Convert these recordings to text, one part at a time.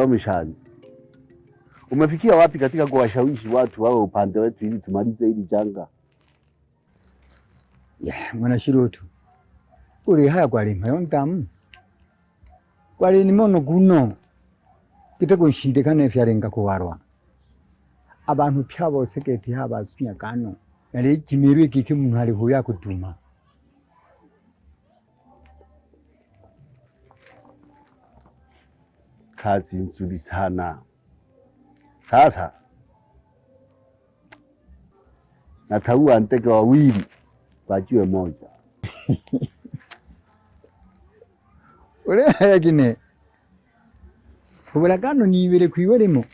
Salome Shani, umefikia wapi katika kuwashawishi watu wawe upande wetu ili tumalize hili janga? Yeah, mwanashirutu uli haya kwalimayo ntamu kwalinimono guno kitegunshindikana efyalenga kuwarwa abantu pyabose ketiha basunya kano nali jimirwe kiki munu huya kutuma kazi nzuri sana. Sasa nataua ndege wawili kwa jiwe moja. ule yagine ubulagano niibile kwiwelemo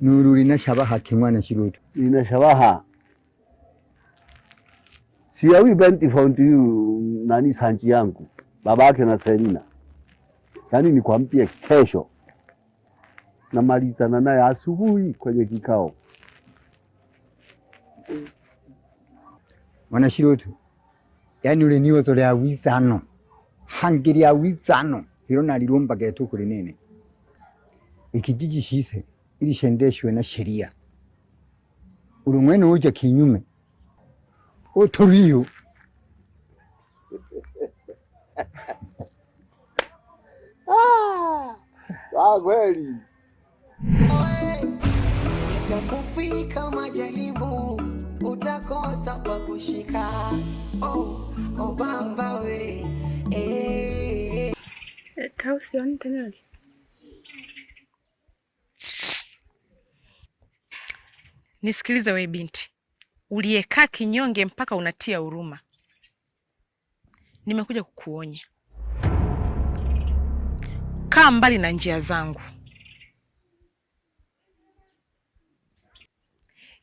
nuru lina shabaha kimwana shirutu lina shabaha siawi benti found you nani sanji yangu babake na Selina yaani nikwambie, kesho namalizana naye asubuhi kwenye kikao. Mwanashirotu, yaani ule niwozole awizano hangiri wizano hilo nalilomba getu kuli nene ikijiji shise ili shendeshwe na sheria ulimwene uja kinyume otoriyo Ah! ah, kweli utakufika majaribu, utakosa pa kushika. Oh, obamba oh, we eh. eh Tausioni tena Nisikilize we binti uliyekaa kinyonge mpaka unatia huruma, nimekuja kukuonya kaa mbali na njia zangu.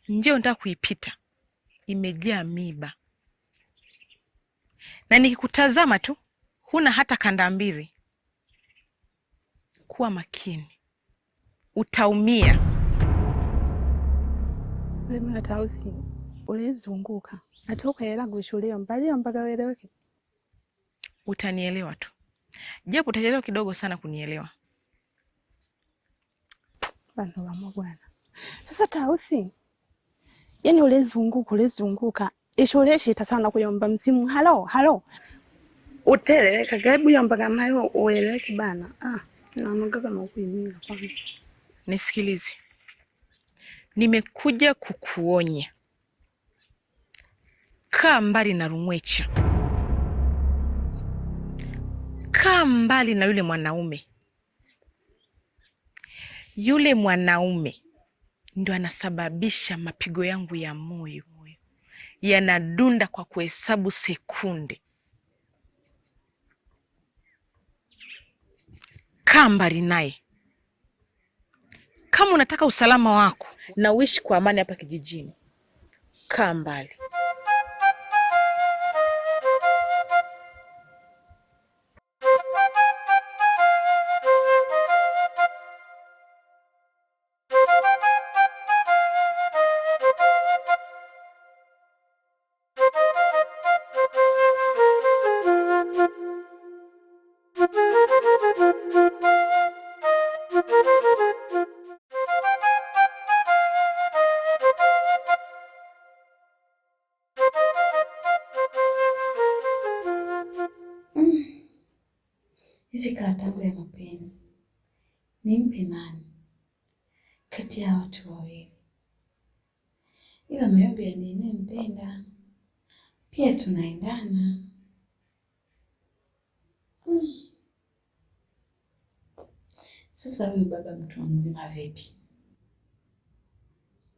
Njia unataka kuipita imejaa miba, na nikikutazama tu huna hata kanda mbili. Kuwa makini, utaumia. Lemela tausi ulizunguka natoka yela mbali mpaka ueleweke. Utanielewa tu japo utachelewa kidogo sana kunielewa. Banolama bwana, sasa Tausi, yani ulezunguka ulezunguka isholeshita sana kuyomba msimu halo halo utereleka gaibu yomba kama ueleweki bana. Ah, naonaga kama kwanza. Nisikilize, nimekuja kukuonya, kaa mbali na Rumwecha kaa mbali na yule mwanaume. Yule mwanaume ndio anasababisha mapigo yangu ya moyo yanadunda kwa kuhesabu sekunde. Kaa mbali naye kama unataka usalama wako na uishi kwa amani hapa kijijini. Kaa mbali. pia tunaendana. Hmm. Sasa huyu baba mtu mzima vipi?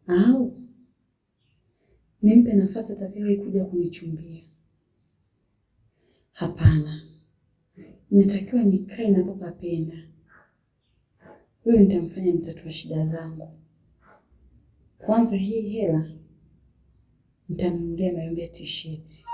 Au nimpe nafasi atakaye kuja kunichumbia? Hapana, inatakiwa nikae napopapenda. Huyo nitamfanya mtatua shida zangu. Kwanza hii hela nitamnunulia Mayombe tisheti.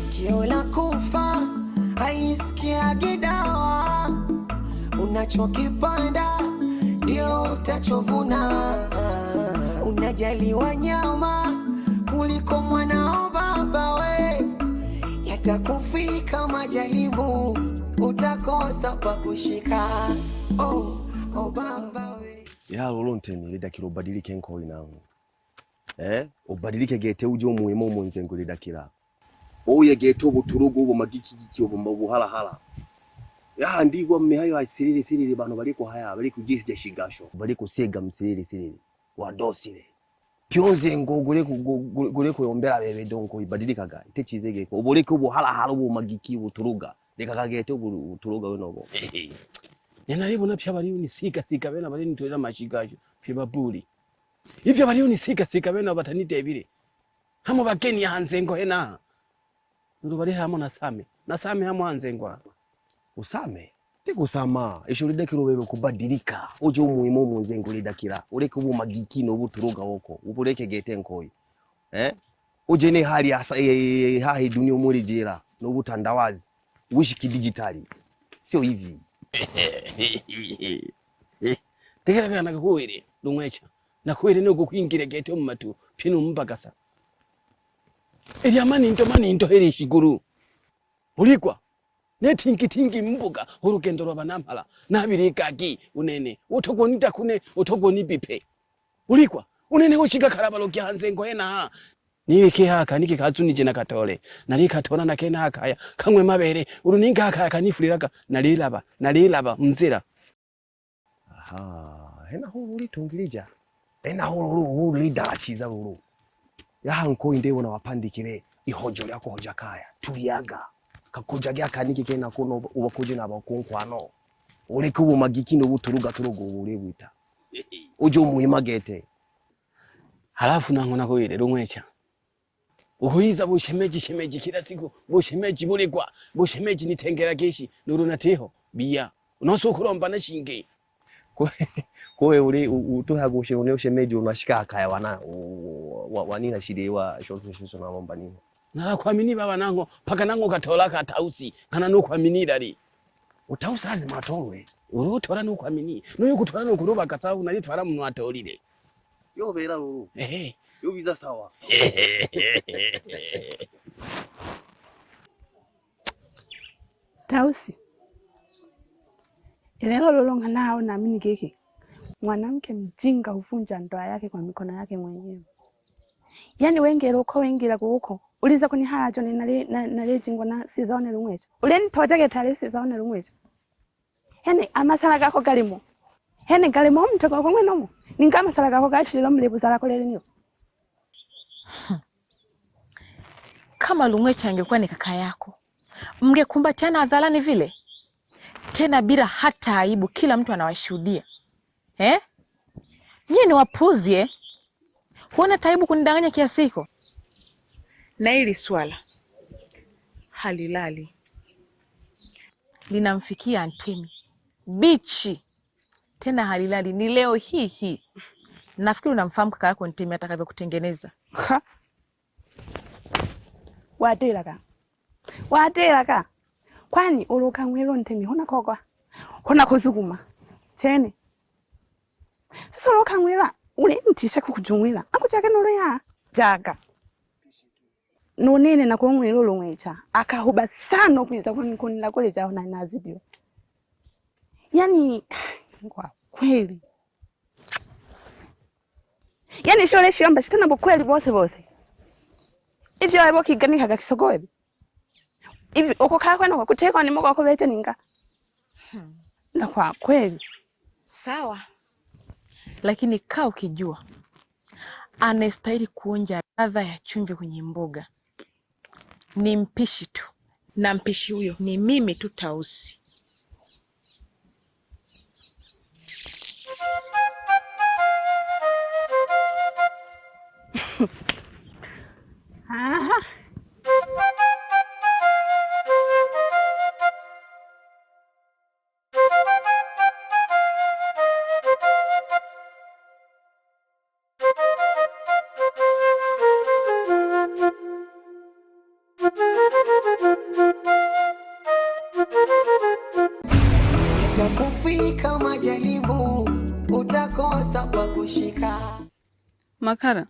Sikio la kufa halisikiagi unachokipanda ndio utachovuna wanajali wanyama kuliko mwanao baba we. Yatakufika majaribu, utakosa pa kushika. Oh, oh baba we, yalo lonte nilidakira ubadilike nkoyi nangu eh? ubadilike gete uje umuhima umunze ngulidakira oye gete ubutulugu ubu magikigiki ubu mabuhalahala ya ndigwa hayo asilili silili bano bali ko haya bali kujisi jashigasho bali kusiga msilili silili wadosile pyoze ngo gule kuyombera bebe donko ibadilikaga techizegeko oboleke hala hala ubo magiki uturuga lekakagete ubo uturuga wenobo na pya bali sika sika bena bali nitolera mashikasho pyebabuli ipya bali sika sika bena batanitebile hamo hanze ngo ena ndo bali hamo nasame nasame hamo ngo usame tikusama eshulidakila wewe kubadilika uje umuimu munzengo lidakila uleke ubumagikino ubuturuga woko ubuleke gete nkoyi eh? uje ne hali asa, eh, eh, eh, e, hahi dunia umulijira nobutandawazi uishi kidijitali sio hivi tekereka nakakuwire lumwecha nakuwire nokukwingira gete omumatu pino mubagasa eryamaninto maninto here shiguru ulikwa ne nethinkithi mbuka urukendo rwa vanamhala navilikaki unene uthokonita kune uthokonipiphe ulikwa unene ucikakhala valokya hanzengo enaha nivikihaka nikikatsunichena katole nalikatona nakenahakaya kamwe mavere ulu ningahakaya kanifulilaka nalilava nalilava mzira aha henahulu ulitungilija henahulu ulidachiza lulu yahankoyi ndewona wapandikile ihojo lyako hojakaya tuliaga kakuja gya kaniki kena kuno ubakuji na bakunkwano ureke buturuga turugo turuga uburebwita uje umuhimagete halafu nako kuile rumwecha uhuiza bushemeji shemeji kila siku bushemeji buligwa bushemeji nitengera keshi nuru teho bia kuromba unosukuromba nashinge kwe uri utuhagushe une shemeji unashika akaya wana wanina shidewa shozo shozo na mambo nini baba vanango paka nango katola katausi kana nokwaminira li utausi lazima atolwe ulotola nokwamini noyo kutola nokuloba katsavu nalitwala muno atolile yovera lulu ehe yobiza sawa tausi ilelo lolonga nao naamini keke mwanamke mjinga huvunja ndoa yake kwa mikono yake mwenyewe yani wengera uko wengera kuko uliza kuni halacho ni nale nale chingona sizaone lumwecha uleni toja ke tale sizaone lumwecha yani amasala gako galimo hene galimo mtu kwa kongwe nomo ninga amasala gako gashilo mlebu zara kolele niyo hmm. kama lumwecha angekuwa ni kaka yako mngekumbatiana hadharani vile tena bila hata aibu, kila mtu anawashuhudia eh? Nyie ni wapuzi eh? Huona taibu kunidanganya kiasi hiko? Na hili swala halilali, linamfikia Antemi bichi tena, halilali ni leo hii hii. Nafikiri unamfahamu kaka yako Ntemi atakavyokutengeneza wateraka wateraka kwani ulokamwelo Ntemi hona koga hona kuzuguma chene sisi ulokamwela ule mti shakukujungwila akuchaka nuleya jaka nonene nakulongwela ulongwecha akahuba sana ukwiza kunikonela kulecha na nazidiwa yani kwa kweli yani shole shiamba chitana bokweli bose bose ivyo ebo kiganika kakisogoli ivi uko okokhala kwena kutekwa ni moka wakoveche ninga hmm. na kwa kweli sawa lakini kaa ukijua anayestahili kuonja ladha ya chumvi kwenye mboga ni mpishi tu, na mpishi huyo ni mimi tu Tausi. Aha. kukosa pa kushika makara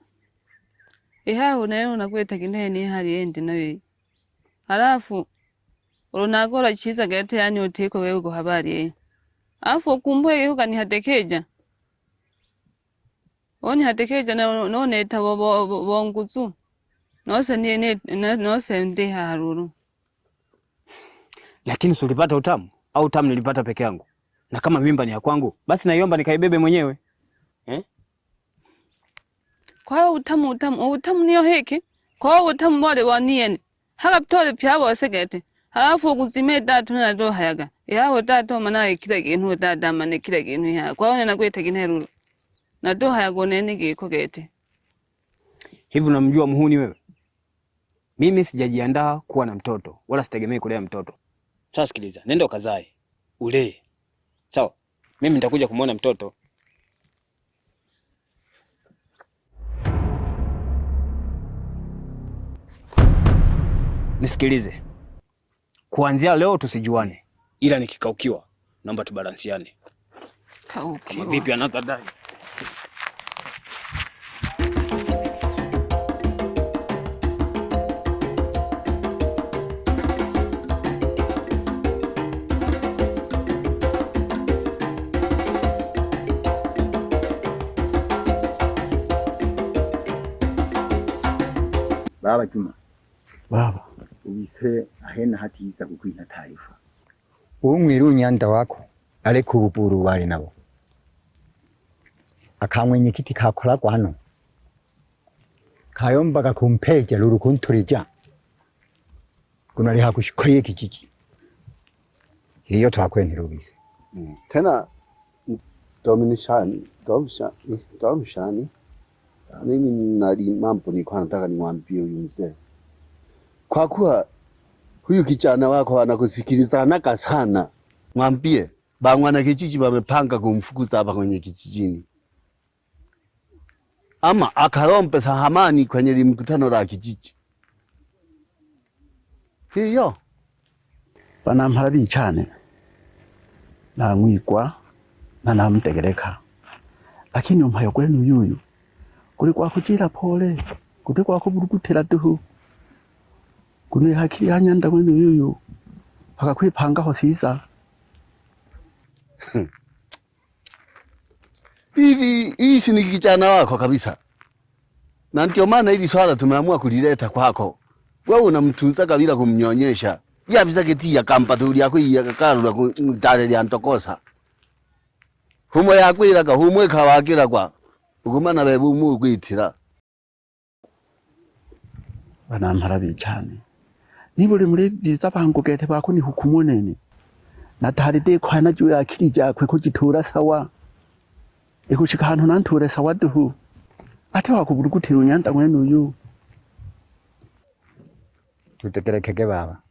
ihahu nayo nakwetaginaye nihali endi nayo alafu ulonagora chiza gete yani utiko wewe go habari ye afu kumbwe yuka ni hatekeja oni hatekeja na none tabo bonguzu nose ni ne nose ndi haruru lakini sulipata utamu au utamu nilipata peke yangu na kama mimba ni ya kwangu basi naiomba nikaibebe mwenyewe kwawe utamu utamu utamu niyo heke kwawe utamu wale wanieni hakaptole pyabo wasekete halafu kuzime tatu na do hayaga yawo tato mana kila kintu tata mana kila kintu ya kwaone nakweta kineruru na do hayago nene gikokete hivi unamjua muhuni wewe mimi sijajiandaa kuwa na mtoto wala sitegemei kulea mtoto sasa sikiliza nenda ukazae ulee sawa mimi nitakuja kumwona mtoto Nisikilize, kuanzia leo tusijuane, ila nikikaukiwa naomba tubalansiane. Kaukiwa vipi? anatadai Baba Baba uwise ahena hatiza kukwina taifa uwo mwiru nyanda wako ariko ubupuru wari nabo akamwenya kiti kakoragwa hano kayombaga luru kunturija kuna ari hakushikoye kijiji hiyo twakwentera ubise mm. tena dominishani dominishani mimi nali mambo nilikuwa nataka niwaambie huyu mzee kwa kuwa huyu kijana wako anakusikiliza haraka sana, mwambie bangwana kijiji wamepanga kumfukuza hapa kwenye kijijini, ama akaombe sahamani kwenye limkutano la kijiji. hiyo banampara bicane namwigwa na namtegereka lakini umphayo kwenu yuyu kuli kwakujira pole kuti kwakuvulugutela tuhu kunihakiri hanya ndamwene yuyu akakwipangaho siza hivi hii si ni kijana wako kabisa, na ndio maana hili swala tumeamua kulileta kwako. Wewe unamtunzaga bila kumnyonyesha ya ya ya bisa keti kampa yavisaketi yakampatuli yako yakakarula mtale lya ntokosa humwe yakwiraga humwe kawakiragwa ukumana bebumu kwitira wanamharabi chani nibule mulebviza vangu kete vako ni hukumu nene natalide kwana juu ya akili jakwe kujitura sawa ikushika hantu nanture sawa duhu ate wakubura gutira unyanda mwene uyu tuteterekege baba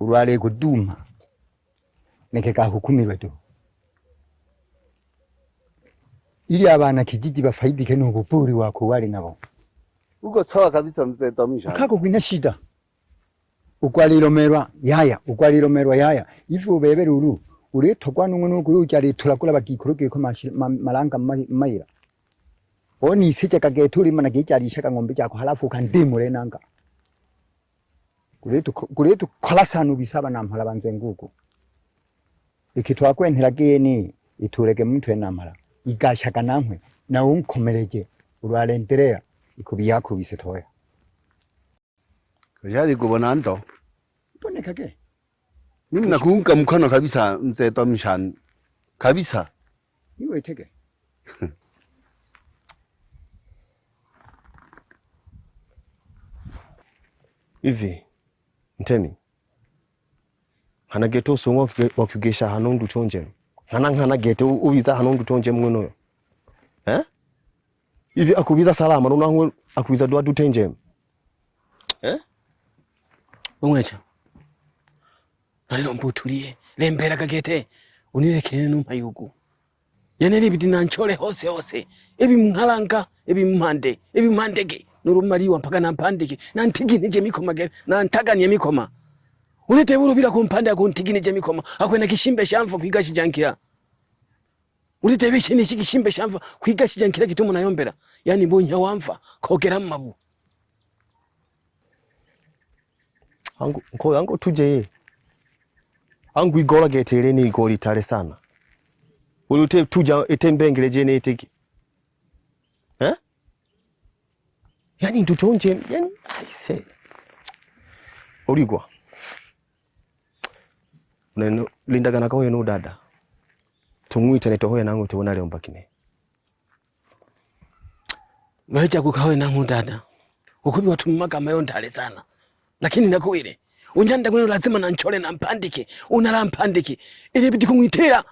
urwale kuduma nekeka hukumirwe duhu ili abana kijiji bafaidike n'ubupuri wako wali nabo Uko sawa kabisa mzee Tamisha. Kako kuna shida. Ukwali lomerwa yaya, ukwali lomerwa yaya. Ifu ubebere uru. Uri tokwa nungu nungu uchari tulakula bakikuruke kiko malanga maira. Oni sije kage turi mana kichari shaka ngombe chako halafu kandimu le nanga. Kuretu kuretu kolasanu bisaba mhala banze nguko. Ikitwa kwenterageye ni iturege mtu enamara. Igashaka nankwe na unkomereje urwalenderea ikubi yakubise toya kajali kubona ndo boneka ke mimi nakuunga mkono kabisa mzee Tomshan kabisa iwe teke hivi Ntemi hana geto songo wakugesha hanundu chonje hana hana geto ubiza hanundu chonje mwenyewe Hivi akubiza salama na unangu akubiza dua dute njema. Eh? Umwecha. Nalilo mputulie, lembera kagete. kene numa yuku. Yane li biti nanchole hose hose. Ebi mhalanka, ebi mhande, ebi mhandeke. Nurumaliwa mpaka nampandike. Nantiginije mikoma gere, nantaganye mikoma. Unete buru bila kumpande kumpanda akuntiginije mikoma. Akwena kishimbe shamfo kwigashi jankira uritebeeshe niki gishimbe shamva kwigashije nkira gituma nayombera yani mbonya wamva kogera mabu angu ko angu tuje angu igola getere ni igoli tare sana ulute tuja etembengere jene etiki eh yani ndutonje yani i say oligwa unalindaganaka kwa yenu dada tumwite tung'witane tohoya nangu tiwonale umbakine noecha kukawe nangu dada ukubi watu mmaka mayo ndale sana lakini nakuwile unyanda kwenu lazima na nchole na mpandiki unala mpandiki ili biti kung'witira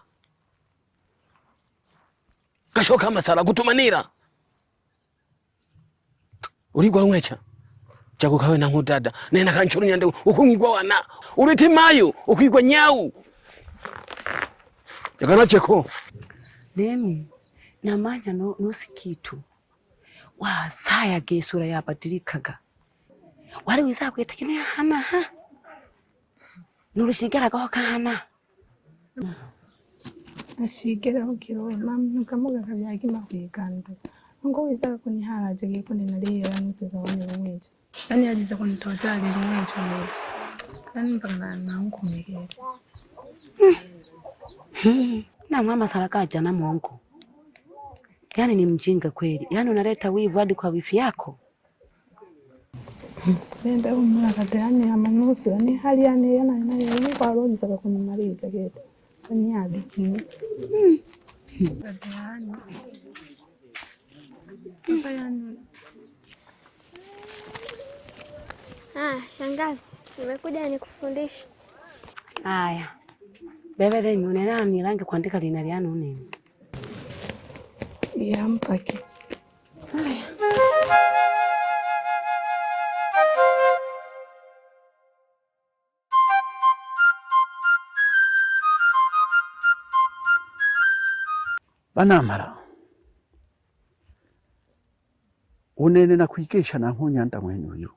kashoka masala kutumanira uligwa lumwecha chakukawe nangu dada nena kancholo nyande ukung'igwa wana uliti mayu ukigwa nyau yakanacheko nemi namanya nosi kitu wasaya gesura yabadirikaga wari wizakwitegenea hana ha nurushigeraho kahana ashigeraho kirowe mamnukamugaga vyagima kwiganduka ngo wiza wizaga kuniharajagiye kuninarera nusezawane mumwejo yani yariza kunitotarira umwejo mwe kandi mpaka nanankumelela hmm. Hmm. Na mama sarakaja na Mungu. Yaani ni mjinga kweli. yani unaleta wivu hadi kwa wifi yako. Hmm. Nenda umulagadani ya manusi wa ni hali ya niyana ya niyana ya kwa roji saka kuni marili chaketa. Kwa ni hali. Gadani. Mbayani. Ah, shangazi. Nimekuja nikufundisha. Aya bebe lenyu une lani lange kuandika lina lya nune yampaki banamala unene na nakwigisha nankhunyanda mwene uyu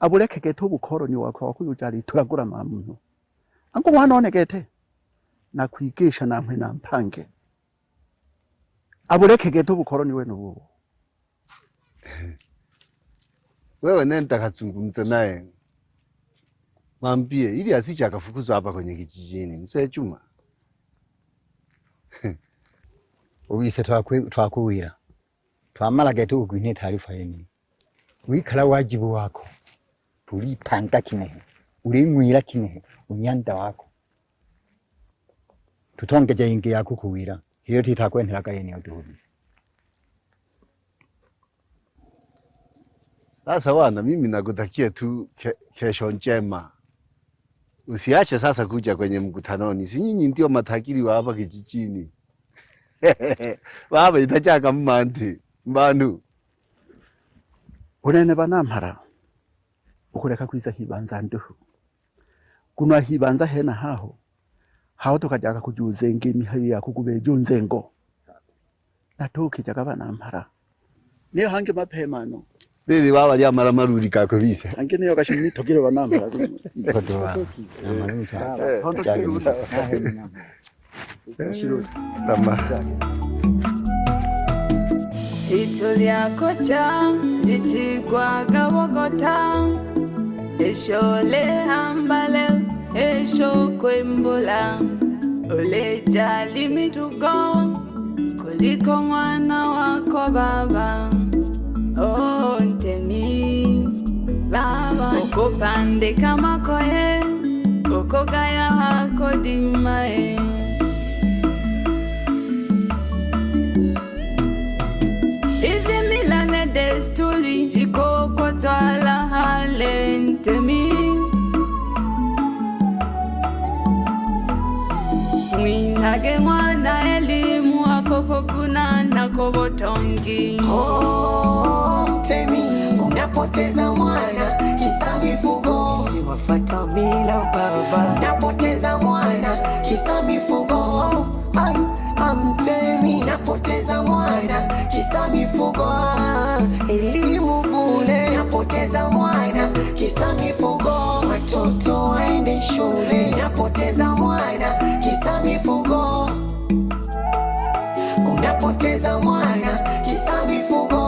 abulekegete ubukoloni wakwa wakuyujalitulagula mamuno angu mwana onekete nakwigisha mpange abuleke aburekegete ubukoroni wenu bubu wewe nenda kazungumza naye mwambie ili asije akafukuzwa hapa kwenye kijijini. Mzee Juma uwise twakuwira twamala gete ukwine taarifa yeni wikala wajibu wako tulipanga kinehe ulinywira kine unyanda wako tutongeje ingi yako kuwira hiyo titakwentheraga yene utuhubise Sasa wana, mimi nakutakia tu kesho njema. Usiache sasa kuja kwenye mkutanoni, si nyinyi ndio matakiri wa hapa kijijini baba itachaka mmanti mbandu unene banamhara ukureka kwiza hibanza nduhu kunwahibanza hena haho hao tukajaka kujuzenga imihayo yakukubejo nzengo natukijaga mara niyo hange mapemano Dede baba ya mara maruri kako bise. Ange niyo gashimi togire banampara. bana mara. Amani cha. Cyage bisa. Shiro. Mama. Itu lyako cha litigwagawogota eshole hambale Kesho kwembola oleja limitugo kuliko mwana wako baba. ontemi oh, ntemi baba okopandeka makoye okogaya hako dimae hivi mila jikokotwala Kage mwana elimu akoko kuna na kobotongi oh, mtemi unapoteza mwana kisa mifugo siwafata mila baba unapoteza mwana kisa mifugo Ay amtemi, napoteza mwana kisa mifugo, elimu bule, napoteza mwana kisa mifugo, watoto waende shule, napoteza mwana kisa mifugo, unapoteza mwana kisa mifugo